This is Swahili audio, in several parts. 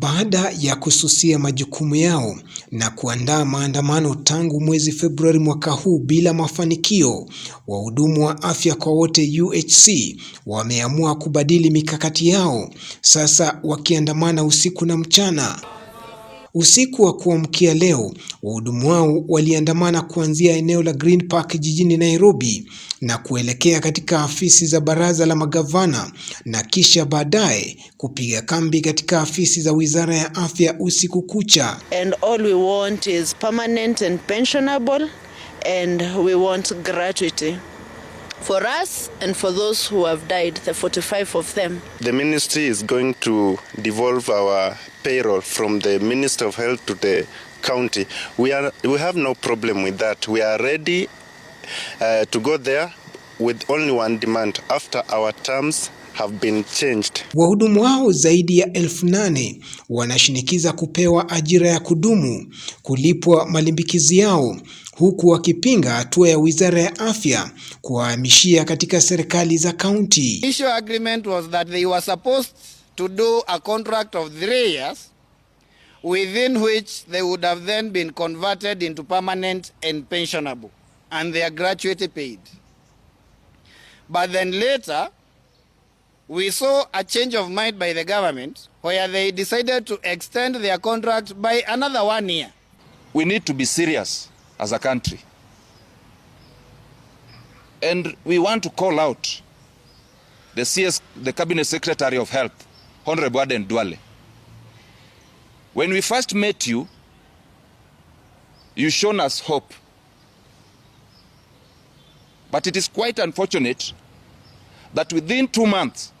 Baada ya kususia majukumu yao na kuandaa maandamano tangu mwezi Februari mwaka huu bila mafanikio, wahudumu wa afya kwa wote UHC wameamua kubadili mikakati yao, sasa wakiandamana usiku na mchana. Usiku wa kuamkia leo, wahudumu wao waliandamana kuanzia eneo la Green Park jijini Nairobi na kuelekea katika afisi za baraza la magavana na kisha baadaye kupiga kambi katika afisi za Wizara ya Afya usiku kucha. And all we want is permanent and pensionable and we want gratuity for us and for those who have died, the 45 of them. The ministry is going to devolve our payroll from the Minister of Health to the county. We, are, we have no problem with that. We are ready uh, to go there with only one demand. After our terms have been changed. Wahudumu hao zaidi ya elfu nane wanashinikiza kupewa ajira ya kudumu, kulipwa malimbikizi yao, huku wakipinga hatua ya Wizara ya Afya kuwahamishia katika serikali za kaunti. Initial agreement was that they were supposed to do a contract of three years within which they would have then been converted into permanent and pensionable and they are gradually paid. But then later we saw a change of mind by the government where they decided to extend their contract by another one year. We need to be serious as a country. And we want to call out the, CS, the Cabinet Secretary of Health, Honorable Aden Duale. When we first met you, you shown us hope. But it is quite unfortunate that within two months,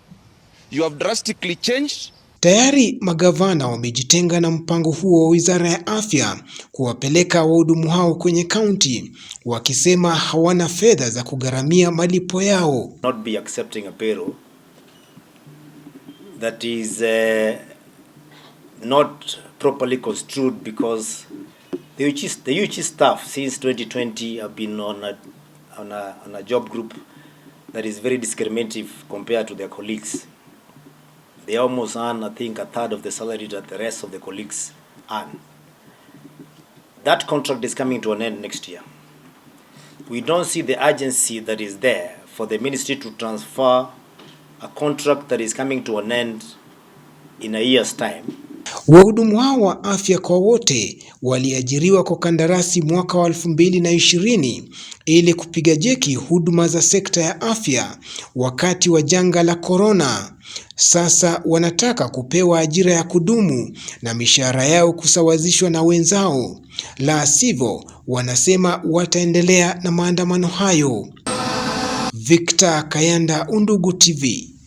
you have drastically changed. Tayari magavana wamejitenga na mpango huo wa Wizara ya Afya kuwapeleka wahudumu hao kwenye kaunti wakisema hawana fedha za kugharamia malipo yao. Not be accepting a payroll that is uh, not properly construed because the UG, the UG staff since 2020 have been on a, on a, on a job group that is very discriminative compared to their colleagues. They almost earn, I think, a third of the salary that the rest of the colleagues earn. That contract is coming to an end next year. We don't see the urgency that is there for the ministry to transfer a contract that is coming to an end in a year's time Wahudumu hao wa afya kwa wote waliajiriwa kwa kandarasi mwaka wa elfu mbili na ishirini ili kupiga jeki huduma za sekta ya afya wakati wa janga la korona. Sasa wanataka kupewa ajira ya kudumu na mishahara yao kusawazishwa na wenzao, la sivyo wanasema wataendelea na maandamano hayo. Victor Kayanda, Undugu TV.